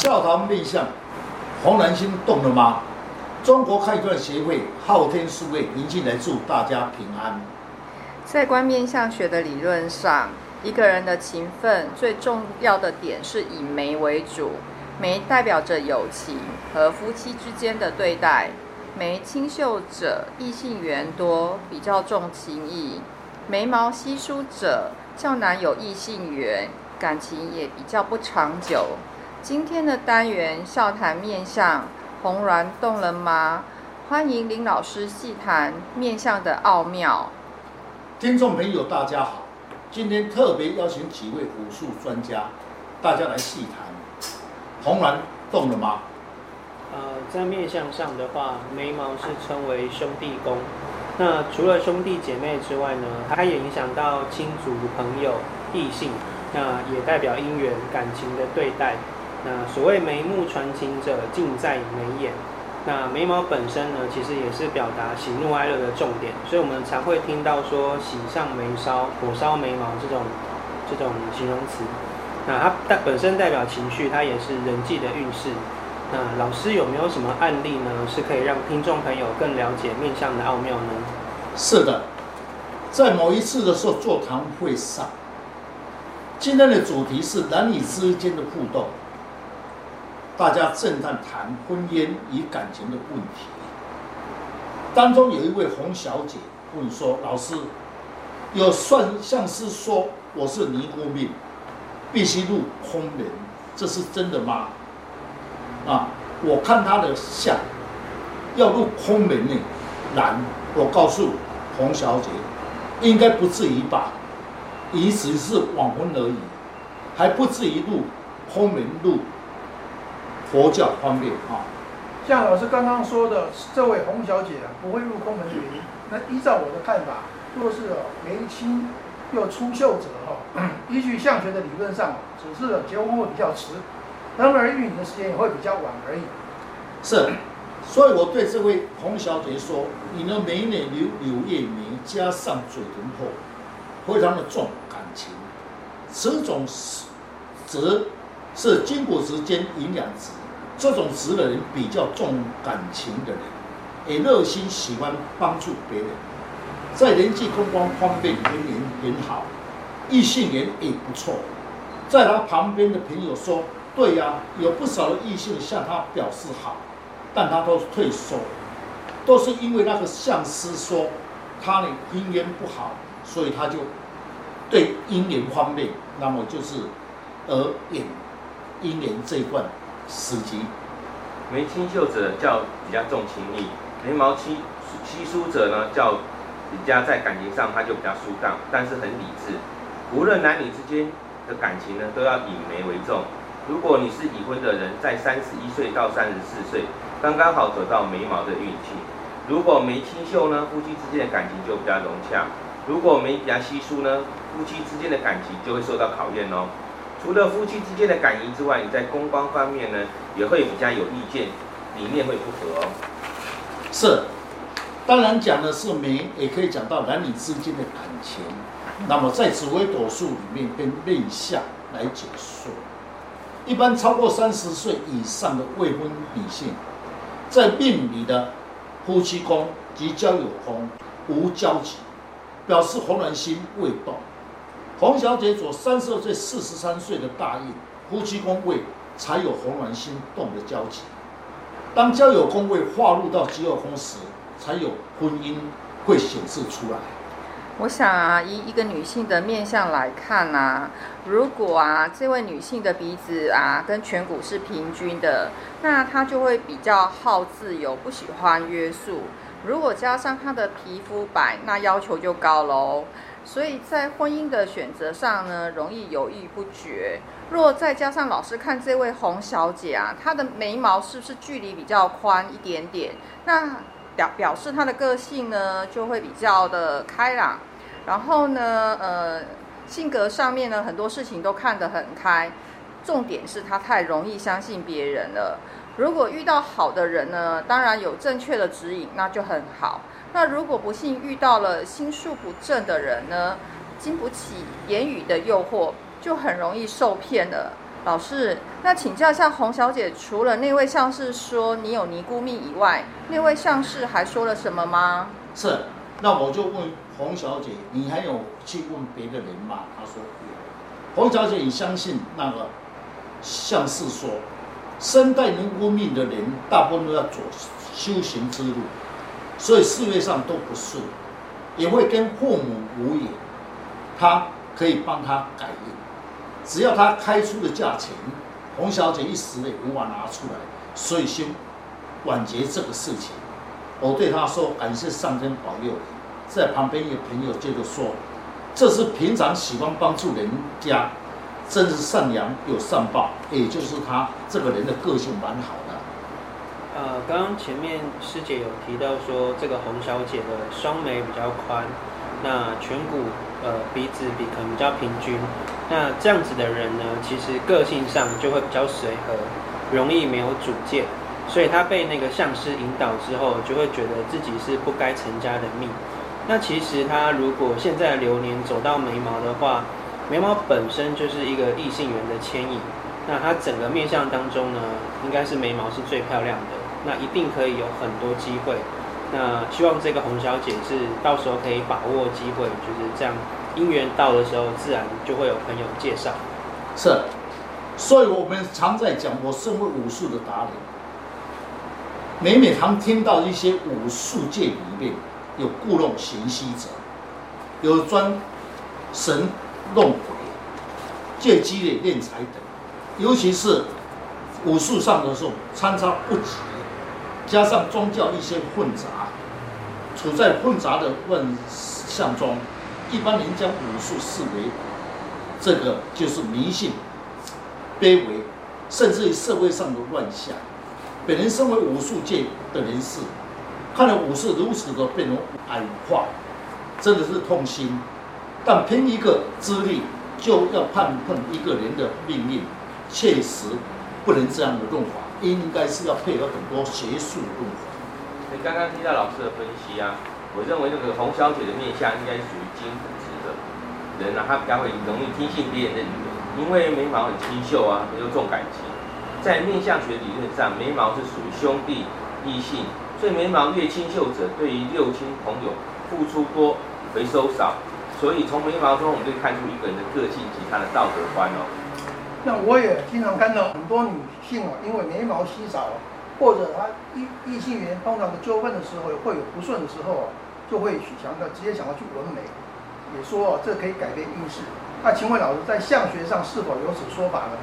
笑談面相，紅鸞心動了嗎？中國堪輿協會昊天書院，林進來祝大家平安。在觀面相學的理論上，一個人的情分最重要的點是以眉為主，眉代表着友情和夫妻之間的對待。眉清秀者，異性緣多，比較重情義；眉毛稀疏者，較難有異性緣，感情也比較不長久。今天的單元笑談面相，紅鸞動了嗎？歡迎林老師細談面相的奧妙。聽眾朋友，大家好，今天特別邀請幾位武術專家，大家來細談紅鸞動了嗎？呃，在面相上的話，眉毛是稱為兄弟宮。那除了兄弟姐妹之外呢，他也影響到親族、朋友、異性，那也代表姻緣、感情的對待。那所謂眉目傳情者，盡在眉眼。那眉毛本身呢，其實也是表達喜怒哀樂的重點，所以我們常會聽到說“喜上眉梢”、“火燒眉毛”這種這種形容詞。那它代本身代表情緒，它也是人際的運勢。那老師有沒有什麼案例呢？是可以讓聽眾朋友更了解面相的奧妙呢？是的，在某一次的時候座談會上，今天的主題是男女之間的互動。大家正在談婚姻與感情的問題，當中有一位洪小姐問說：“老師，有算像是說我是尼姑命，必須入空門，這是真的嗎？”啊，我看他的相要入空門呢，難。我告訴洪小姐，應該不至於吧，也只是晚婚而已，還不至於入空門入。活腳方便啊、哦！像老師剛剛說的，這位洪小姐、啊、不會入空門的因、嗯，那依照我的看法，若是眉清又出秀者哈、哦，依據相學的理論上，只是結婚會比較遲，當然育女的時間也會比較晚而已。是，所以我對這位洪小姐說，你的眉年留柳葉眉，加上嘴唇破，非常重的重感情，此種是則。是筋骨質兼營養質，這種質的人比較重感情的人，也熱心喜歡幫助別人，在人際公關方面人緣很好，異性緣也不錯。在他旁邊的朋友說：“對呀、啊，有不少的異性向他表示好，但他都退縮，都是因為那個相師說他的姻緣不好，所以他就對姻緣方面，那麼就是而言姻緣這一死四級。眉清秀者叫比較重情義，眉毛稀稀疏者呢叫，人家在感情上他就比較疏淡，但是很理智。無論男女之間的感情呢，都要以眉為重。如果你是已婚的人，在三十一歲到三十四歲，剛剛好走到眉毛的運氣。如果眉清秀呢，夫妻之間的感情就比較融洽；如果眉比較稀疏呢，夫妻之間的感情就會受到考驗哦、喔。除了夫妻之間的感應之外，你在公關方面呢，也會比較有意見，理念會不合哦。是，當然講的是眉，也可以講到男女之間的感情。那麼在紫微斗數裡面，跟命相來解說。一般超過三十歲以上的未婚女性，在命裡的夫妻宮及交友宮無交集，表示紅鸞星未動。洪小姐，左三十二歲，四十三歲的大運夫妻宮位才有紅鸞星動的交集。當交友宮位劃入到疾厄宮時，才有婚姻會顯示出來。我想啊，以一個女性的面相來看啊，如果啊這位女性的鼻子啊跟顴骨是平均的，那她就會比較好自由，不喜歡約束。如果加上她的皮膚白，那要求就高嘍。所以在婚姻的選擇上呢，容易猶豫不決。若再加上老師看這位洪小姐啊，她的眉毛是不是距離比較寬一點點？那表表示她的個性呢，就會比較的開朗。然後呢，呃，性格上面呢，很多事情都看得很開。重點是她太容易相信別人了。如果遇到好的人呢，當然有正確的指引，那就很好。那如果不幸遇到了心術不正的人呢，經不起言語的誘惑，就很容易受騙了。老師，那請教一下洪小姐，除了那位相士說你有尼姑命以外，那位相士還說了什麼嗎？是，那我就問洪小姐，你還有去問別的人嗎？他說有。洪小姐，你相信那個相士說，身帶尼姑命的人，大部分都要走修行之路。所以事業上都不順，也會跟父母無緣。他可以幫他改運，只要他開出的價錢，洪小姐一時也無法拿出來，所以先，婉拒這個事情。我對他說：“感謝上天保佑。”在旁邊一個朋友接着說：“這是平常喜歡幫助人家，真是善良又善報。”也就是他這個人的個性蠻好的。呃，剛剛前面師姐有提到說，這個洪小姐的雙眉比較寬，那顴骨呃鼻子比可能比較平均，那這樣子的人呢，其實個性上就會比較隨和，容易沒有主見，所以她被那個相師引導之後，就會覺得自己是不該成家的命。那其實她如果現在流年走到眉毛的話，眉毛本身就是一個異性緣的牽引，那她整個面相當中呢，應該是眉毛是最漂亮的。那一定可以有很多機會。那希望這個洪小姐是到時候可以把握機會，就是這樣姻緣到的時候，自然就會有朋友介紹。是，所以我們常在講，我身為五術的達人。每每常聽到一些五術界裡面有故弄玄虛者，有裝神弄鬼、借機的斂財等，尤其是五術上的時候參差不齊。加上宗教一些混雜，處在混雜的亂象中，一般人將五術視為這個就是迷信、卑微，甚至於社會上的亂象。本人身為五術界的人士，看來五術如此的被人矮化，真的是痛心。但憑一個資歷就要判判一個人的命運，確實不能這樣的論法。應該是要配合很多學術用法。你剛剛聽到老師的分析啊，我認為這個洪小姐的面相應該屬於金子的人啊，她比較會容易聽信別人的意見，因為眉毛很清秀啊，又重感情。在面相學理論上，眉毛是屬於兄弟異性，所以眉毛越清秀者，對於六親朋友付出多，回收少。所以從眉毛中，我們就看出一個人的個性及他的道德觀哦、喔。那我也經常看到很多女性啊，因為眉毛稀少，或者她異異性緣碰到的糾紛的時候會有不順的時候，會時候啊、就會去想到直接想到去紋眉，也說、啊、這可以改變運勢。那請問老師在相學上是否有此說法呢？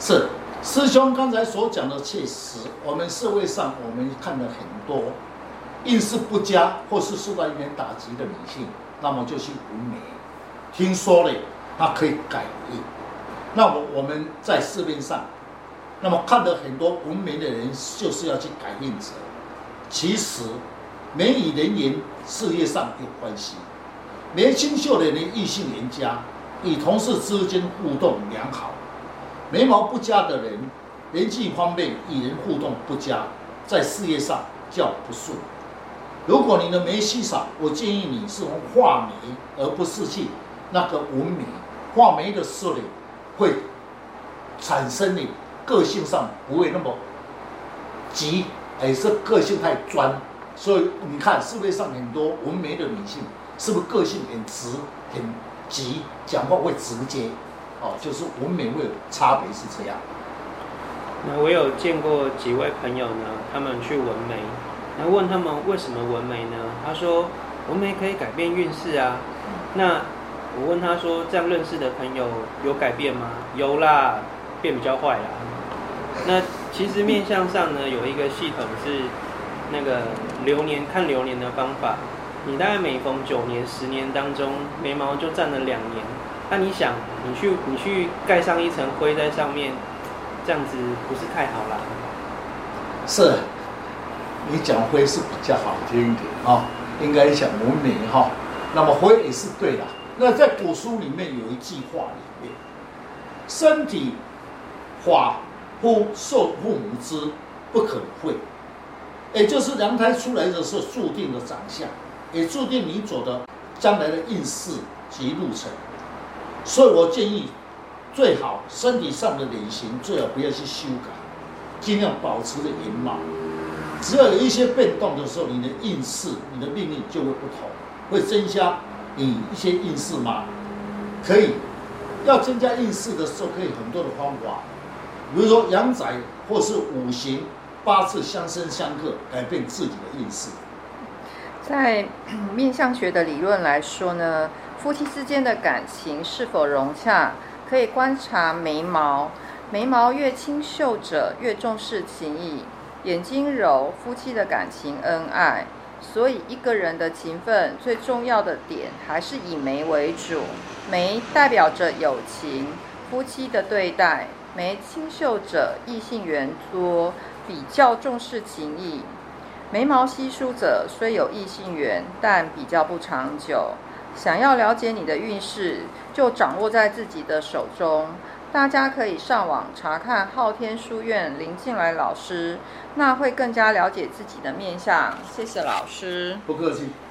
是師兄剛才所講的確實，我們社會上我們看了很多運勢不佳或是受到一點打擊的女性，那麼就去紋眉，聽說嘞，它可以改運。那我我們在市面上，那麼看到很多紋眉的人，就是要去改變自己。其實，眉與人緣、事業上有關係。眉清秀的人，異性緣佳，與同事之間互動良好；眉毛不佳的人，人際方面與人互動不佳，在事業上較不順。如果你的眉稀少，我建議你是從畫眉，而不是去那個紋眉。畫眉的視力。會產生你個性上不會那麼急，而是個性太專，所以你看世界上很多紋眉的女性，是不是個性很直、很急，講話會直接？哦，就是紋眉會有差別是這樣。那我有見過幾位朋友呢，他們去紋眉，那問他們為什麼紋眉呢？他說紋眉可以改變運勢啊。那我問他說：“這樣認識的朋友有改變嗎？”有啦，變比較壞啦。那其實面相上呢，有一個系統是那個流年看流年的方法。你大概每逢九年、十年當中，眉毛就佔了兩年。那你想，你去你去蓋上一層灰在上面，這樣子不是太好啦。是，你講灰是比較好聽一點啊、哦，應該想模擬哈。那麼灰也是對的。那在古書裡面有一句話，裡面，身體髮膚，受之父母，不可毀，也就是娘胎出來的時候注定的長相，也注定你走的將來的運勢及路程。所以我建議，最好身體上的臉型最好不要去修改，盡量保持的原貌。只要有一些變動的時候，你的運勢、你的命運就會不同，會增加。以、嗯、一些運勢嗎？可以，要增加運勢的時候，可以很多的方法，比如說陽宅或是五行八字相生相剋，改變自己的運勢。在面相學的理論來說呢，夫妻之間的感情是否融洽，可以觀察眉毛，眉毛越清秀者越重視情義，眼睛柔，夫妻的感情恩愛。所以，一個人的情分最重要的點還是以眉為主。眉代表着友情、夫妻的對待。眉清秀者，異性緣多，比較重視情誼。眉毛稀疏者，雖有異性緣，但比較不長久。想要了解你的運勢，就掌握在自己的手中。大家可以上網查看昊天書院林進來老師，那會更加了解自己的面相。謝謝老師，不客氣。